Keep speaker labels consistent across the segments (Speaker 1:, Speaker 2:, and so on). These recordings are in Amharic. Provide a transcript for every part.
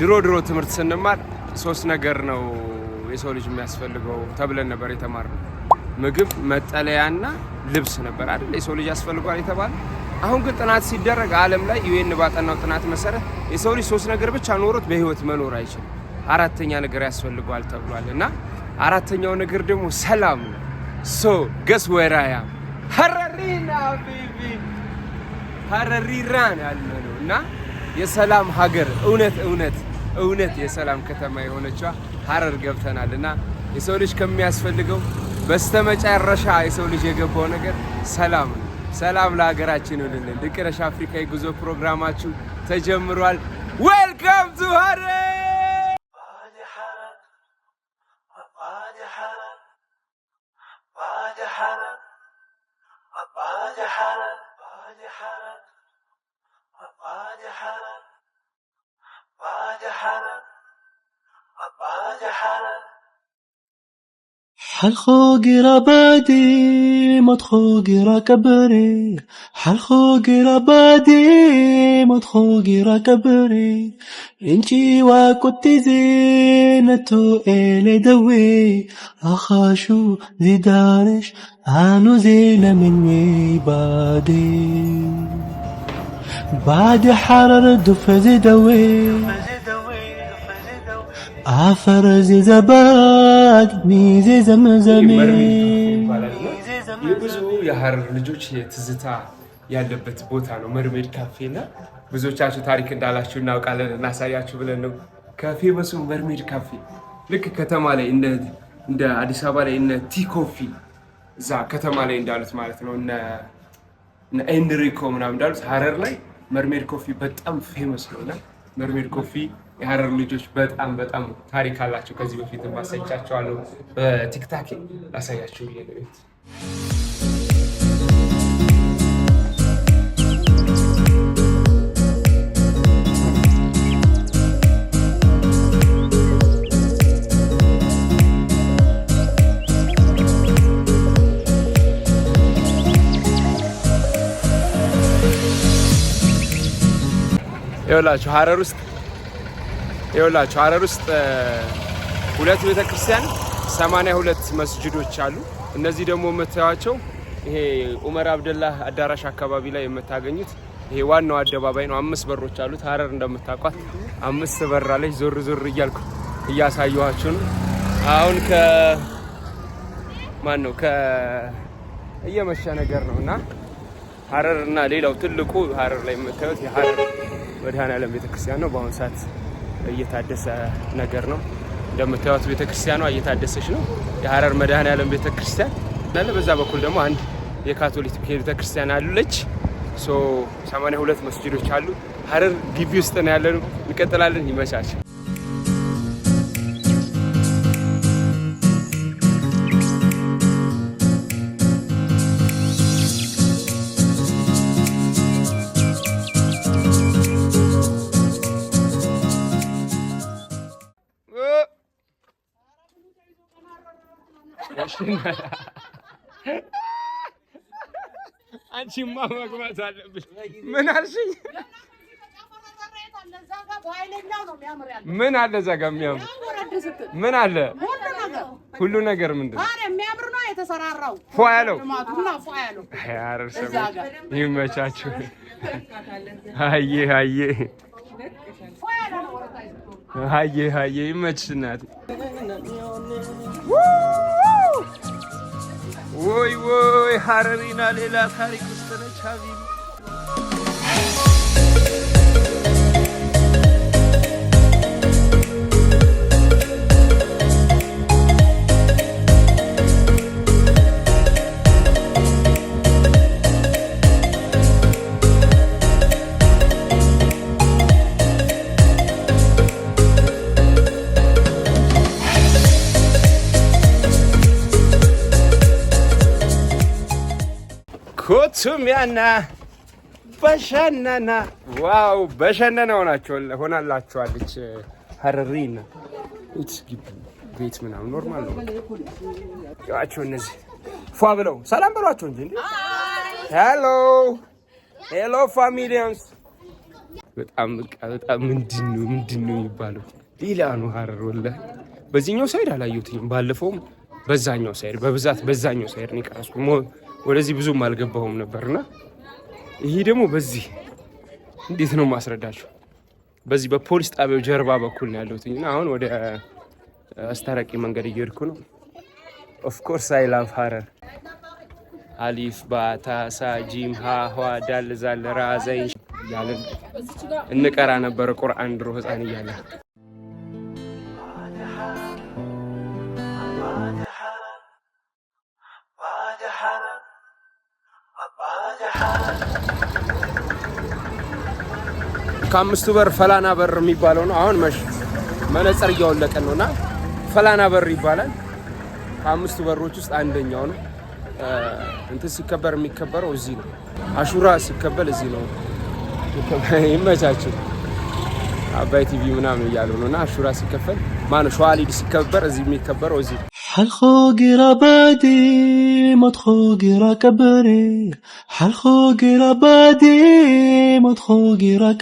Speaker 1: ድሮ ድሮ ትምህርት ስንማር ሶስት ነገር ነው የሰው ልጅ የሚያስፈልገው ተብለን ነበር የተማርነው። ምግብ፣ መጠለያና ልብስ ነበር አይደል የሰው ልጅ ያስፈልጓል የተባለ። አሁን ግን ጥናት ሲደረግ ዓለም ላይ ዩኤን ባጠናው ጥናት መሰረት የሰው ልጅ ሶስት ነገር ብቻ ኖሮት በህይወት መኖር አይችልም፣ አራተኛ ነገር ያስፈልገዋል ተብሏል። እና አራተኛው ነገር ደግሞ ሰላም ነው። ሶ ገስ ወራያ ሀረሪና ሀረሪራን ያለ ነው እና የሰላም ሀገር እውነት እውነት እውነት የሰላም ከተማ የሆነችዋ ሀረር ገብተናል እና የሰው ልጅ ከሚያስፈልገው በስተመጨረሻ የሰው ልጅ የገባው ነገር ሰላም ነው። ሰላም ለሀገራችን ይሁንልን። ድቅረሽ አፍሪካ የጉዞ ፕሮግራማችሁ ተጀምሯል። ዌልካም ቱ ሀረር።
Speaker 2: حل خوقرا بادي مد خوقرا كبري حل خوقرا بادي مد خوقرا كبري انجي واكنت زينتو إلي دوي أخاشو زي انو عنو زينة مني بادي ባዲ ሓረር ዱፈዚ ደዌ አፈረዚ ዘባድ ሚዜ ዘመዘሜ
Speaker 1: የብዙ የሀረር ልጆች የትዝታ ያለበት ቦታ ነው መርሜድ ካፌና ብዙዎቻችሁ ታሪክ እንዳላችሁ እናውቃለን እናሳያችሁ ብለን ነው። ካፌ በስሙ መርሜድ ካፌ ልክ ከተማ ላይ እንደ አዲስ አበባ ላይ እነ ቲ እዛ ከተማ ላይ እንዳሉት ማለት ነው እነ ኤንሪኮ ምናምን እንዳሉት ሀረር ላይ መርሜድ ኮፊ በጣም ፌመስ ነው መርሜድ ኮፊ የሀረር ልጆች በጣም በጣም ታሪክ አላቸው። ከዚህ በፊት ማሳይቻቸዋለሁ። በቲክታክ ላሳያቸው ይሄ ነው። ይኸውላችሁ ሀረር ውስጥ ይኸውላችሁ ሀረር ውስጥ ሁለት ቤተክርስቲያን ሰማንያ ሁለት መስጅዶች አሉ። እነዚህ ደግሞ የምታዩቸው ይሄ ኡመር አብደላ አዳራሽ አካባቢ ላይ የምታገኙት ይሄ ዋናው አደባባይ ነው። አምስት በሮች አሉት። ሀረር እንደምታውቋት አምስት በር አለች። ዞር ዞር እያልኩ እያሳየኋችሁ ነው። አሁን ከ ማን ነው ከ ነገር ነው እና ሀረር እና ሌላው ትልቁ ሀረር ላይ የምታዩት የሀረር መድኃኔዓለም ቤተክርስቲያን ነው። በአሁኑ ሰዓት እየታደሰ ነገር ነው። እንደምታዩት ቤተክርስቲያኗ እየታደሰች ነው። የሀረር መድኃኔዓለም ቤተክርስቲያን ለ በዛ በኩል ደግሞ አንድ የካቶሊክ ቤተክርስቲያን አሉለች። ሰማንያ ሁለት መስጊዶች አሉ። ሀረር ግቢ ውስጥ ነው ያለነው። እንቀጥላለን። ይመቻች። አንቺማ መግባት አለብሽ። ምን አልሽኝ? ምን አለ እዛ ጋ የሚያምር ምን አለ? ሁሉ ነገር ምንድን ነው የሚያምር ነው የተሰራራው። ፏ ያለው ይመቻችሁ። አዬ አዬ አዬ አዬ ይመችሽ እናቴ ወይ ወይ ሀረሪና ሌላ ታሪክ ውስጥ ነች ሀቢቢ በሸነና በሸነና ዋው በሸነና ሆናችኋል ሆናላችኋለች። ሀረሪና ቤት ምናምን ኖርማል ነው። ያቸው እነዚህ ፏ ብለው ሰላም ብሏቸው እንጂ እንዴ! ሄሎ ሄሎ ፋሚሊያንስ በጣም በቃ በጣም ምንድን ነው የሚባለው? ሌላ ነው ሀረር ወለ በዚህኛው ሳይድ አላየሁትም። ባለፈውም በዛኛው ሳይድ በብዛት በዛኛው ሳይድ ነው የቀረስኩት። ወደዚህ ብዙም አልገባሁም ነበርና ይሄ ደግሞ በዚህ እንዴት ነው ማስረዳችሁ? በዚህ በፖሊስ ጣቢያው ጀርባ በኩል ነው ያለሁት እና አሁን ወደ አስታራቂ መንገድ እየሄድኩ ነው። ኦፍኮርስ አይ ላቭ ሀረር አሊፍ ባታ ሳጂም ሃኋ ዳል ዛል ራዘይ እያለን እንቀራ ነበረ ቁርአን ድሮ ህፃን እያለን ከአምስቱ በር ፈላና በር የሚባለው ነው። አሁን መሽ መነጽር እያወለቀን ነው እና ፈላና በር ይባላል። ከአምስቱ በሮች ውስጥ አንደኛው ነው። እንትን ሲከበር የሚከበረው እዚህ ነው። አሹራ ሲከበል እዚህ ነው። ይመቻችሁ። አባይ ቲቪ ምናምን እያሉ ነው እና አሹራ ሲከፈል ማነው ሸዋሊድ ሲከበር እዚህ የሚከበረው እዚህ
Speaker 2: حل خوجرا بادي خوگی را كبري حل خوجرا بادي مت خوجرا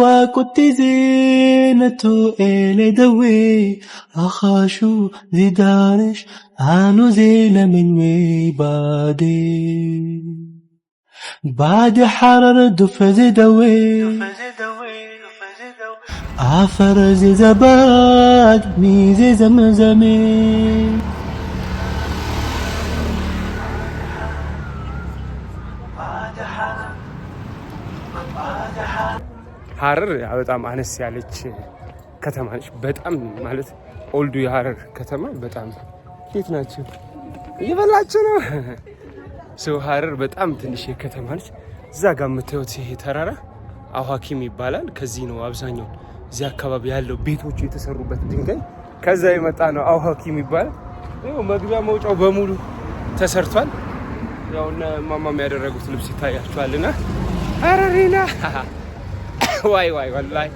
Speaker 2: و کتی زین تو الي دوی اخاشو زي دارش عنو زينة من می بادی بعد حرر دفز دوي دفز دوي አፈር ዜዘባት ሚዜ ዘምዘሜ
Speaker 1: ሀረር በጣም አነስ ያለች ከተማ ነች። በጣም ማለት ኦልዱ የሀረር ከተማ በጣም እንዴት ናቸው እየበላችሁ ነው። ሰው ሀረር በጣም ትንሽ ከተማ ነች። እዛ ጋር የምታዩት ይሄ ተራራ አዋኪም ይባላል። ከዚህ ነው አብዛኛውን እዚህ አካባቢ ያለው ቤቶች የተሰሩበት ድንጋይ ከዛ የመጣ ነው። አውሃኪ የሚባል መግቢያ መውጫው በሙሉ ተሰርቷል። ያው እነ ማማም ያደረጉት ልብስ ይታያችኋልና አረሪና ዋይ ዋይ ወላሂ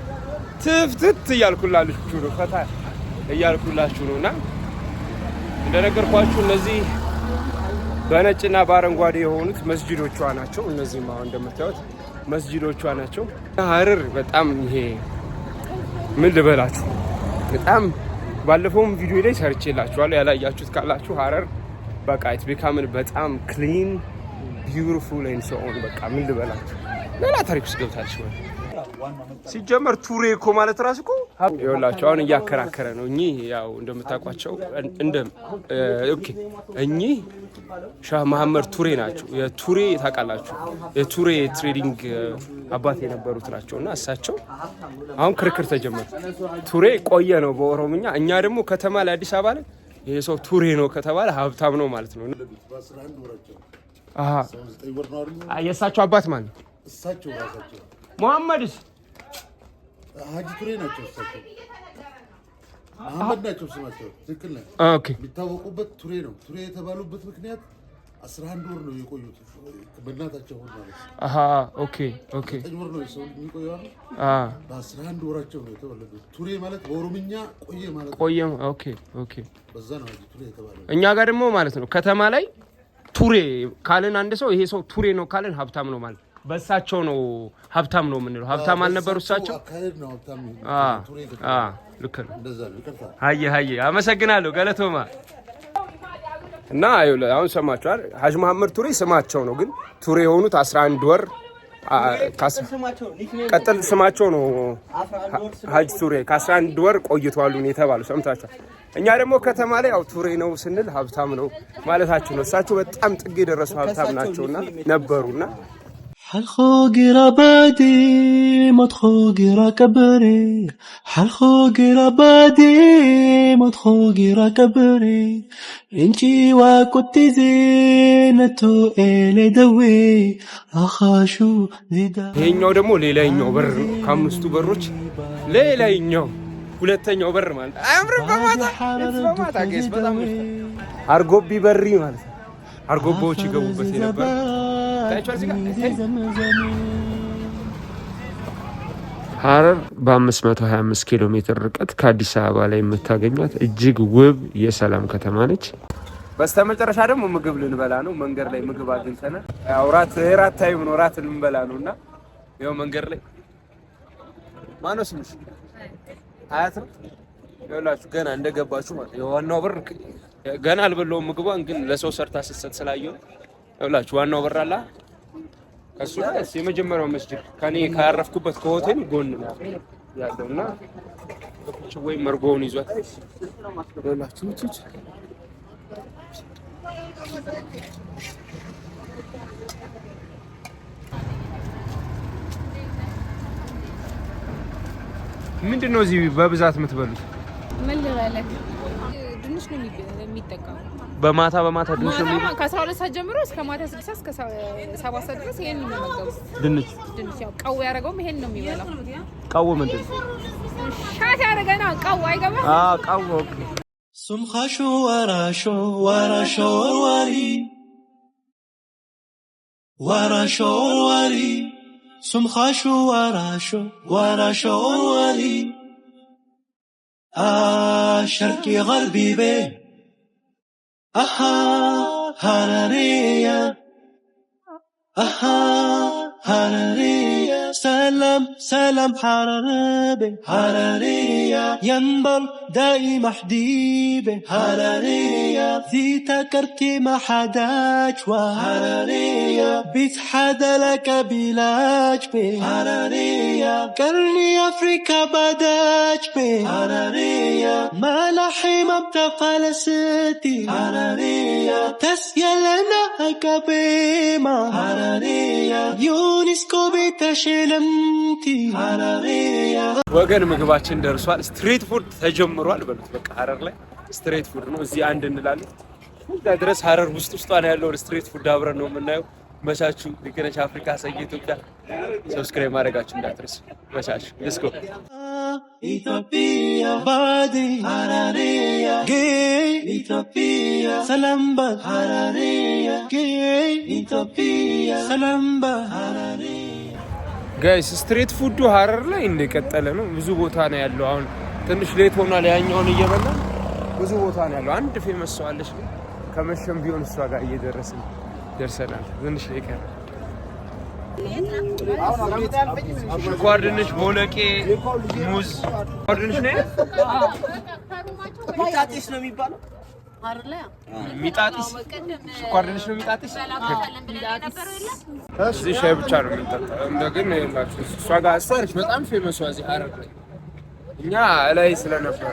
Speaker 1: ትፍትት እያልኩላችሁ ነው፣ ፈታ እያልኩላችሁ ነው። እና እንደነገርኳችሁ እነዚህ በነጭና በአረንጓዴ የሆኑት መስጅዶቿ ናቸው። እነዚህም አሁን እንደምታዩት መስጂዶቿ ናቸው። ሀረር በጣም ይሄ ምን ልበላችሁ በጣም ባለፈውም ቪዲዮ ላይ ሰርቼላችኋለሁ። ያላያችሁት ካላችሁ ሀረር በቃ ኢትስ ቢካምን በጣም ክሊን ቢዩቲፉል ኤንድ ሶ ኦን በቃ ምን ልበላችሁ ሌላ ታሪክ ውስጥ ገብታለች ማለት ሲጀመር ቱሬ እኮ ማለት ራስ እኮ ይኸውላችሁ አሁን እያከራከረ ነው። እኚህ ያው እንደምታውቋቸው እንደ ኦኬ እኚህ ሻህ መሐመድ ቱሬ ናቸው። የቱሬ ታውቃላችሁ፣ የቱሬ ትሬዲንግ አባት የነበሩት ናቸው። እና እሳቸው አሁን ክርክር ተጀመረ። ቱሬ ቆየ ነው በኦሮምኛ። እኛ ደግሞ ከተማ ላይ አዲስ አበባ ላይ ይሄ ሰው ቱሬ ነው ከተባለ ሀብታም ነው ማለት ነው። የእሳቸው አባት ማን ነው? ሙሐመድስ
Speaker 3: ሀጂ ቱሬ ናቸው እሳቸው ናቸው ስማቸው። ትክክል የሚታወቁበት ቱሬ ነው። ቱሬ የተባሉበት ምክንያት አስራ አንድ ወር ነው የቆዩት በእናታቸው ሆድ ማለት
Speaker 1: ዘጠኝ ወር ነው የሰው በአስራ አንድ ወራቸው ነው የተወለዱት። ቱሬ ማለት በኦሮምኛ ቆየ ማለት ቆየ። በዛ ነው ቱሬ እኛ ጋር ደግሞ ማለት ነው ከተማ ላይ ቱሬ ካልን አንድ ሰው ይሄ ሰው ቱሬ ነው ካልን ሀብታም ነው ማለት ነው። በእሳቸው ነው ሀብታም ነው የምንለው። ሀብታም አልነበሩ እሳቸው። ልክ ነው። ሀየ ሀየ አመሰግናለሁ ገለቶማ እና አሁን ሰማችኋል። ሀጅ መሐመድ ቱሬ ስማቸው ነው፣ ግን ቱሬ የሆኑት 11 ወር ቀጥል ስማቸው ነው ሀጅ ቱሬ ከ11 ወር ቆይተዋሉ የተባሉ ሰምታችኋል። እኛ ደግሞ ከተማ ላይ ያው ቱሬ ነው ስንል ሀብታም ነው ማለታቸው ነው። እሳቸው በጣም ጥግ የደረሱ ሀብታም ናቸውና ነበሩና
Speaker 2: حل خوگی را بادی مد خوگی را کبری حل خوگی را بادی مد خوگی را کبری این و کتی زین تو ایل دوی آخاشو زیدا
Speaker 1: این نو دمو لیلا این نو بر کامستو بر روچ لیلا این نو ሁለተኛው ተኛው በር ማለት አምር በማታ በማታ ጌስ በጣም አርጎቢ በሪ ማለት አርጎቦች ይገቡበት ነበር ሀረር በ525 ኪሎ ሜትር ርቀት ከአዲስ አበባ ላይ የምታገኟት እጅግ ውብ የሰላም ከተማ ነች። በስተመጨረሻ ደግሞ ምግብ ልንበላ ነው። መንገድ ላይ ምግብ አግኝተናል። ራት ራት ታይም ነው፣ ራት ልንበላ ነው እና ያው መንገድ ላይ ማነው ስምሽ? ሀያት ነው ይኸውላችሁ ገና እንደገባችሁ ማለት የዋናው ብር ገና አልበላውም ምግቧን ግን ለሰው ሰርታ ስትሰጥ ስላየው እላችሁ ዋናው በራላ ከሱ የመጀመሪያው መስጂድ ከኔ ካረፍኩበት ከሆቴል ጎን ነው ያለውና ወይ መርጎውን ይዟል። ምንድን ነው እዚህ በብዛት የምትበሉት?
Speaker 4: ምን ልበለህ፣ ድንች ነው የሚጠቀሙ
Speaker 1: በማታ በማታ ድንች ነው የሚባለው።
Speaker 4: ከ ከ12 ሰዓት ጀምሮ እስከ ማታ 6 እስከ 7 ሰዓት ድረስ ይሄን ነው የሚመገቡት።
Speaker 1: ድንች ድንች
Speaker 4: ያው ቀው ያደረገውም ይሄን ነው የሚበላው።
Speaker 1: ቀው ምንድን ነው?
Speaker 4: ሻት ያደረገና ቀው አይገባ።
Speaker 1: አ ቀው
Speaker 2: ሱምኻሹ ወራሾ ወራሾ ወርዋሪ ወራሾ ወርዋሪ ሱምኻሹ ወራሾ ወራሾ ወርዋሪ አሸርቂ ገርቢ ቤ أها حرارية أها حرارية سلام سلام حراري حرارية ينبل دائما حديبي حرارية في تكركي ما جوا وحرارية بيت حدا لك بلاج بي حرارية كرني أفريكا بداج بي حرارية ما لحي مبدا فلسطين حرارية تسيا لنا أكابيما حرارية يونسكو بتشلمتي حرارية
Speaker 1: وقال مقباتشن درسوال ستريت ፉድ تجمروال በሉት በቃ ሀረር ስትሬት ፉድ ነው። እዚህ አንድ እንላለን እዛ ድረስ ሀረር ውስጥ ውስጧ ነው ያለውን ስትሬት ፉድ አብረን ነው የምናየው። መቻቹ ሊገነች አፍሪካ ሰይ ኢትዮጵያ ሰብስክራይብ ማድረጋችሁ እንዳትረሱ። መቻቹ ስኮ ኢትዮጵያ ባዲ ሀራሪያ ኢትዮጵያ ሰላምባ ሀራሪያ ኢትዮጵያ ሰላምባ ሀራሪያ ጋይስ ስትሬት ፉዱ ሀረር ላይ እንደቀጠለ ነው። ብዙ ቦታ ነው ያለው። አሁን ትንሽ ሌት ሆኗል። ያኛውን እየበላ ብዙ ቦታ ነው ያለው። አንድ ፌመስ ሰው አለች፣ ግን ከመሸም ቢሆን እሷ ጋር እየደረስን ደርሰናል። ትንሽ ነው የቀረ። ስኳር ድንች፣ ቦለቄ፣ ሙዝ። ስኳር ድንች ነው ሚጣጢስ ነው የሚባለው ሚጣጢስ ስኳር ድንች ነው ሚጣጢስ። እዚህ ሻይ ብቻ ነው የምንጠጣው። እንደግን የላችሁ እሷ ጋር እሷ በጣም ፌመስ እዚህ ሀረር እኛ ላይ ስለነበረ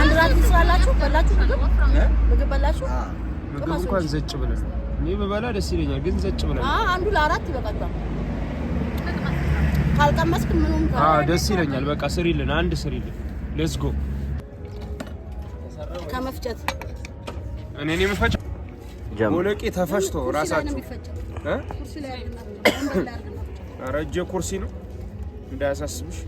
Speaker 4: አንድ ራት ስላላችሁ በላችሁ፣ ምግብ ምግብ በላችሁ።
Speaker 1: ምግብ እንኳን ዘጭ ብለን እኔ በበላ ደስ ይለኛል፣ ግን ዘጭ ብለን
Speaker 4: አንዱ ለአራት ይበቃችኋል።
Speaker 1: ካልቀመስክ ምንም ደስ ይለኛል። በቃ ስሪልን፣ አንድ ስሪልን። ሌትስ ጎ ከመፍጨት እኔ እኔ መፈጨ ቦለቄ ተፈጭቶ ራሳችሁ ኧረ እጄ ኩርሲ ነው እንዳያሳስብሽ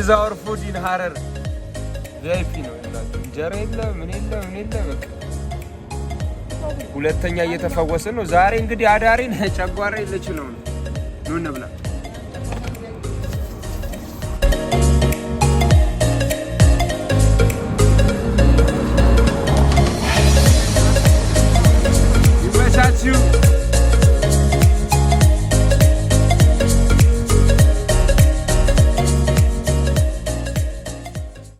Speaker 1: is our food in ሀረር ቪአይፒ ነው። እንጀራ የለ ምን የለ ምን የለ በቃ ሁለተኛ እየተፈወስን ነው። ዛሬ እንግዲህ አዳሪን ጨጓራ የለችም ነው ኑ እንብላ